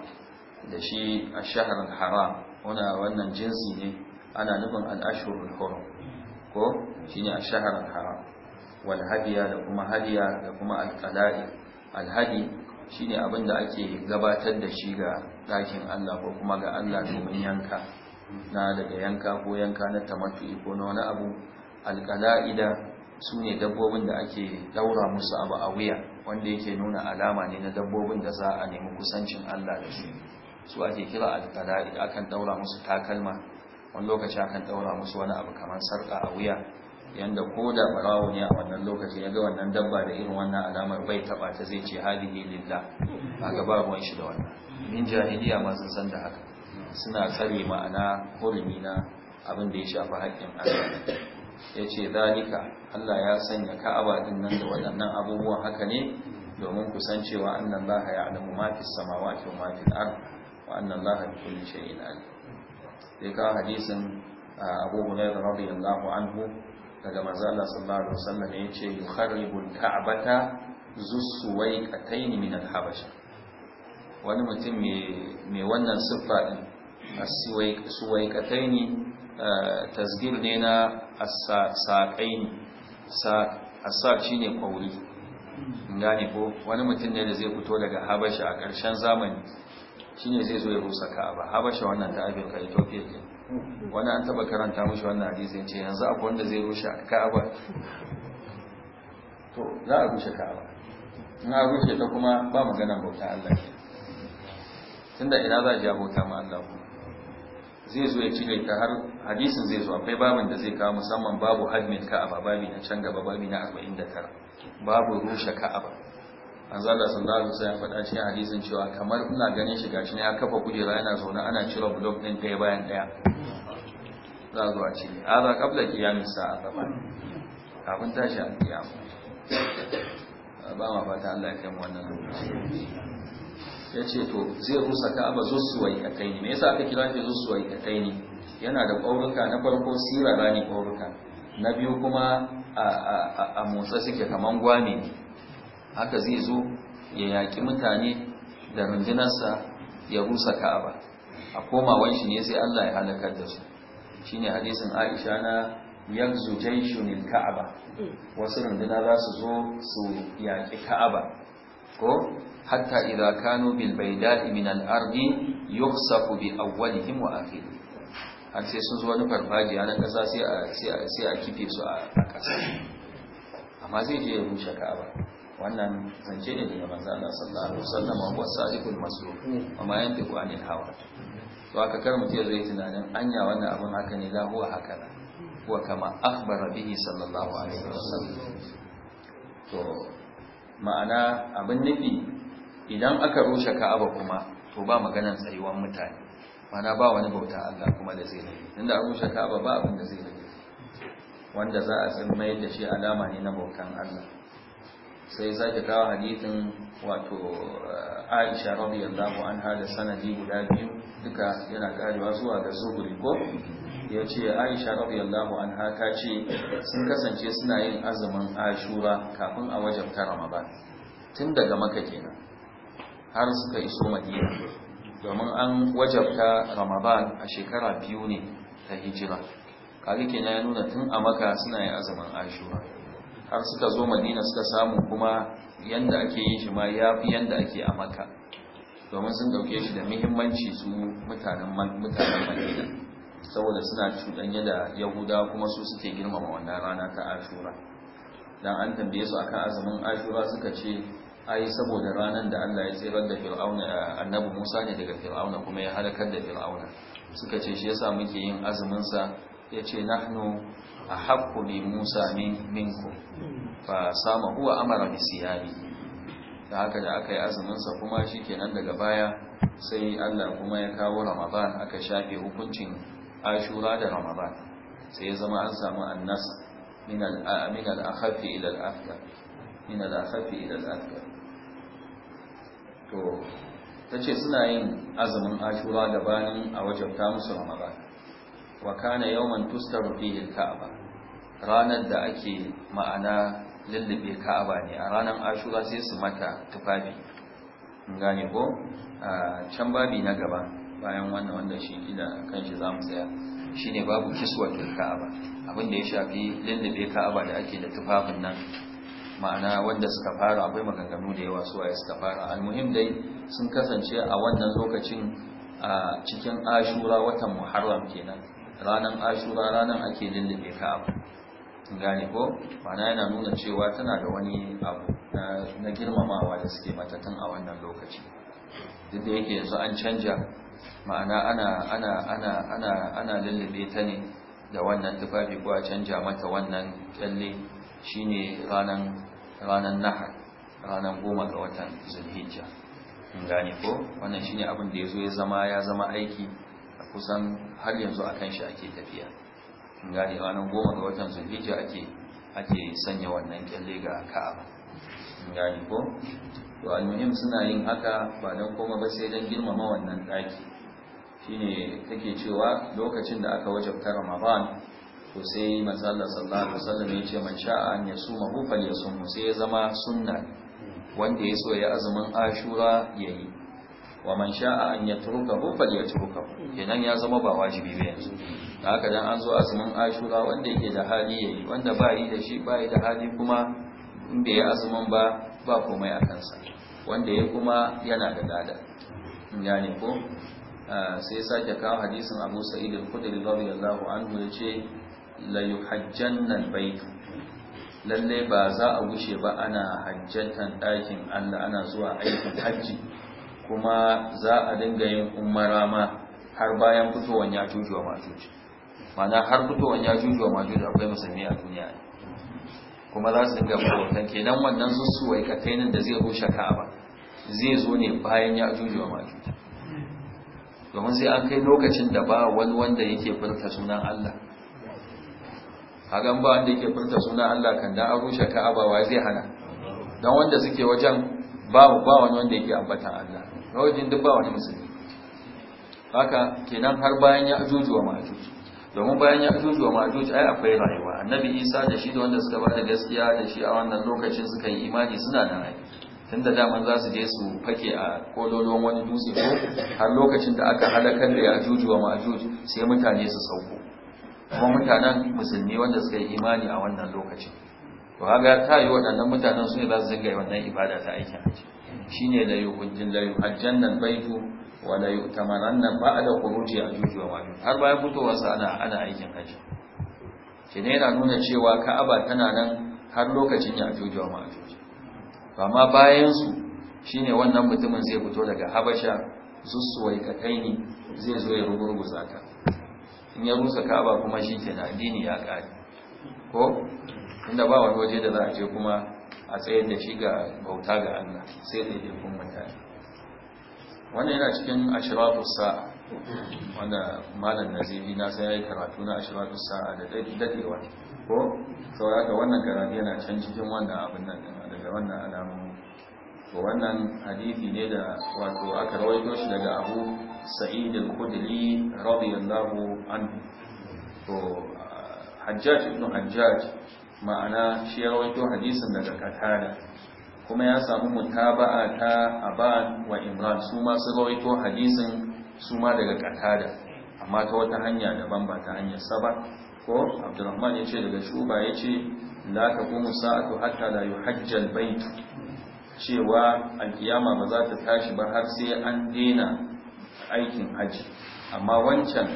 da shi a shahrul haram wana wannan jinsi ne ana nufin al-ashhurul hurum ko shine a shahrul haram wal hadiya da kuma hadiya da kuma alqala'i alhadi shine abin da ake gabatar da shi ga ɗakin Allah ko kuma ga Allah domin yanka na daga yanka ko yanka na tamatu ko na wani abu su sune dabbobin da ake ɗaura musu abu a wuya wanda yake nuna alama ne na dabbobin da za a nemi kusancin Allah da shi su ake kira alqala'id akan ɗaura musu takalma wani lokaci akan ɗaura musu wani abu kamar sarka a wuya yanda ko da barawo ne a wannan lokaci ya ga wannan dabba da irin wannan alamar bai taba ta zai ce hadihi lillah a gaba ruwan shi da wannan min jahiliya ma sun san da haka suna tsare ma'ana hurumi na abin da ya shafi haƙƙin Allah ya ce zalika Allah ya sanya ka'aba din nan da waɗannan abubuwan haka ne domin kusan cewa annan Allah ya alamu ma fi samawati wa ma fi al wa annan Allah bi kulli shay'in alim sai ka hadisin Abu Hurairah radiyallahu anhu daga manzo Allah sallallahu alaihi wasallam yace yukharribul ka'bata zusuwaikatayn min al-habasha wani mutum mai wannan siffa din as-suwaikatayn eh, tasgir ne na as-saqain as-saq shine kauri gane ko wani mutum ne da zai fito daga habasha a ƙarshen zamani shine zai zo ya rusa ka'aba habasha wannan ta afirka ethiopia wani an taba karanta mushi wannan hadisin ce yanzu akwai wanda zai rushe ka'aba to za a rushe ka'aba in a rushe ta kuma ba magana bauta Allah tunda ina za a ja bauta ma Allah ku zai zo ya cire ta har hadisin zai zo akwai babin da zai kawo musamman babu hadmin ka'aba babi na can gaba babi na 49 babu rushe ka'aba manzala sallallahu alaihi wasallam faɗa cikin hadisin cewa kamar ina ganin shi gashi ne ya kafa kujera yana zaune ana cire block din kai bayan daya za a zo a cire hadha qabla qiyamis sa'a taban kafin tashi an kiyama ba ma fata Allah ya kai mu wannan lokaci ce to zai rusa ka ba zusuwai wai kai ne me yasa aka kira shi zusuwai wai kai ne yana da ƙauruka na farko sirara ne ƙauruka na biyu kuma a motsa suke kaman gwame ne haka zai zo ya yaƙi mutane da rundunarsa ya rusa ka'aba a komawan shi ne sai Allah ya halakar da su shine hadisin Aisha na yanzu shunin ka'aba wasu runduna za su zo su yaƙi ka'aba ko hatta idan kanu bil bayda'i min al ardi yukhsafu bi awwalihim wa akhirihim har sai sun zo wani farfajiya na kasa sai a kife su a ƙasa amma zai je ya rushe ka'aba wannan zance ne daga manzo Allah sallallahu alaihi wasallam wa sadiqul wa ma yanti ku anil hawa to aka kar mutum zai tunanin anya wannan abun haka ne la huwa haka la huwa kama akhbara bihi sallallahu alaihi wasallam to ma'ana abin nufi idan aka rushe ka'aba kuma to ba maganan tsayuwan mutane mana ba wani bauta Allah kuma da zai rage inda an rushe ka'aba ba abin da zai rage wanda za a mai da shi alama ne na bautan Allah sai zaki kawo hadithin wato uh, Aisha damu an hada sanadi guda biyu duka yana karewa zuwa ga zuhuri ko ya ce Aisha damu an haka ce sun kasance suna yin azumin Ashura kafin a wajen Ramadan tun daga maka kenan har suka iso Madina domin an wajabta Ramadan a shekara biyu ne ta hijira kaga kenan ya nuna tun a maka suna yin azumin Ashura har suka zo madina suka samu kuma yanda ake yin shi ma ya fi yanda ake a maka domin sun dauke shi da muhimmanci su mutanen madina saboda suna cuɗanya da yahuda kuma su suke girmama wannan rana ta ashura dan an tambaye su akan azumin ashura suka ce ai saboda ranar da Allah ya tsirar da fir'auna eh, annabi Musa ne daga fir'auna kuma ya halakar da fir'auna suka ce shi yasa muke yin azumin sa yace nahnu min بموسى fa sama huwa amara bi siyami da haka da aka yi sa kuma shi daga baya sai Allah kuma ya kawo Ramadan aka shafe hukuncin Ashura da Ramadan sai ya zama an samu annas min al-amin al akhfi ila al-afdal min al akhfi ila al-afdal to tace suna yin azumin Ashura da Bani a wajen ta musu Ramadan wa kana yawman tustaru fihi al-ka'aba ranar da ake ma'ana lullube ka'aba ne a ranar ashura sai su mata tufafi gane ko a can babi na gaba bayan wannan wanda shi ila kanshi zamu tsaya shine babu kiswatul ka'aba abin da ya shafi lullube ka'aba da ake da tufafin nan ma'ana wanda suka fara akwai maganganu da yawa suwaye suka fara almuhim dai sun kasance a wannan lokacin a cikin ashura watan muharram kenan ranan ashura ranan ake lullube abu gane ko mana yana nuna cewa tana da wani abu na girmamawa da suke mata a wannan lokaci duk da yake yanzu an canja ma'ana ana ana ana ana ana lullube ta ne da wannan tufafi ko a canja mata wannan kyalle shine ranan ranan nahar ranan goma ga watan zulhijja gane ko wannan shine abin da yazo ya zama ya zama aiki kusan har yanzu a kan shi ake tafiya in ranar goma ga watan zulhijja ake ake sanya wannan kyalle ga ka'aba in ko to almuhim suna yin haka ba don koma ba sai don girmama wannan ɗaki shine take cewa lokacin da aka wajabta ramadan to sai manzo Allah sallallahu alaihi wasallam ya ce man sha'a an yasuma hu falyasum sai ya zama sunna wanda ya so ya azumin ashura yayi wa man sha'a an yatrukahu falyatrukahu kenan ya zama ba wajibi ba yanzu da haka dan an zo azumin Ashura wanda yake da hali yayi wanda ba yi da shi ba yi da hali kuma in bai azumin ba ba komai a kansa wanda ya kuma yana da dada yani ko ah, sai sake kawo hadisin Abu Sa'id al-Khudri radiyallahu anhu ce la yuhajjanna al-bayt lalle ba za a wuce ba ana hajjatan ɗakin Allah ana zuwa aikin hajji kuma za a dinga yin umara ma har bayan fitowar ya cuci wa majuj mana har fitowar ya cuci wa majuj akwai musulmi a duniya ne. kuma za su dinga fitowa kenan wannan sussuwai kakainin da zai rushe ka'aba zai zo ne bayan ya cuci wa majuj domin sai an kai lokacin da ba wani wanda yake furta sunan Allah hagan ba wanda yake furta sunan Allah kan da an rushe ka'aba wa zai hana Don wanda suke wajen ba wani wanda yake ambatan Allah a wajen duk ba wani musulmi haka kenan har bayan ya ajuju wa ma'ajuju domin bayan ya ajuju wa ma'ajuju ai akwai rayuwa annabi isa da shi da wanda suka bada gaskiya da shi a wannan lokacin suka yi imani suna da rai tun da daman za su je su fake a kololon wani dutse ko har lokacin da aka halakar da ya ajuju wa ma'ajuju sai mutane su sauko kuma mutanen musulmi wanda suka yi imani a wannan lokacin to haka ta yi waɗannan mutanen su ne za su zinga wannan ibada ta aikin hajji shine la yuhajjin la yuhajjanna baitu wa la yu'tamananna ba'da khuruji ajuj wa majuj har bayan fitowa sa ana ana aikin haji ne yana nuna cewa Ka'aba tana nan har lokacin ya ajuj wa ba ma bayan su shine wannan mutumin zai fito daga Habasha zusuwai ni zai zo ya rugurguza ta in ya rusa Ka'aba kuma shi na addini ya kare ko inda ba wani waje da za a je kuma a tsayar da shi ga bauta ga Allah sai da yakun mutane wannan yana cikin ashratus sa'a wanda malam nazibi na sai yayi karatu na ashratus sa'a da wa ko saboda wannan karatu yana can cikin wannan abin nan daga wannan alamun to wannan hadisi ne da wato aka rawaito shi daga Abu Sa'id al-Khudri radiyallahu anhu to Hajjaj ibn Hajjaj ma'ana shi ya rawaito hadisin daga katada kuma ya samu mutaba'a ta aban wa imran su ma su rawaito hadisin su ma daga katada amma ta wata hanya daban ba ta hanyar saba ko Abdulrahman ya ce daga shuba ya ce la kuma sa'atu hatta la yuhajjal bait cewa alkiyama ba za ta tashi ba har sai an dena aikin haji amma wancan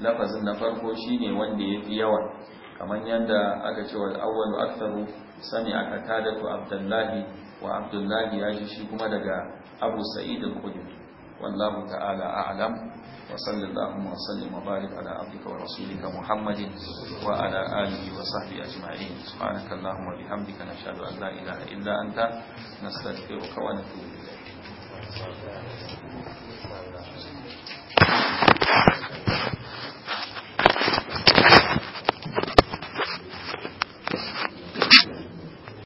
lafazin na farko shine wanda yafi yawa kamar yadda aka ce wa awwalu aktharu sami akatadatu abdullahi wa abdullahi yaji shi kuma daga abu sa'id al-khudri wallahu ta'ala a'lam wa sallallahu wa sallim wa barik ala abdika wa rasulika muhammadin wa ala alihi wa sahbihi ajma'in subhanaka allahumma wa bihamdika nashhadu an la ilaha illa anta nastaghfiruka wa natubu ilayk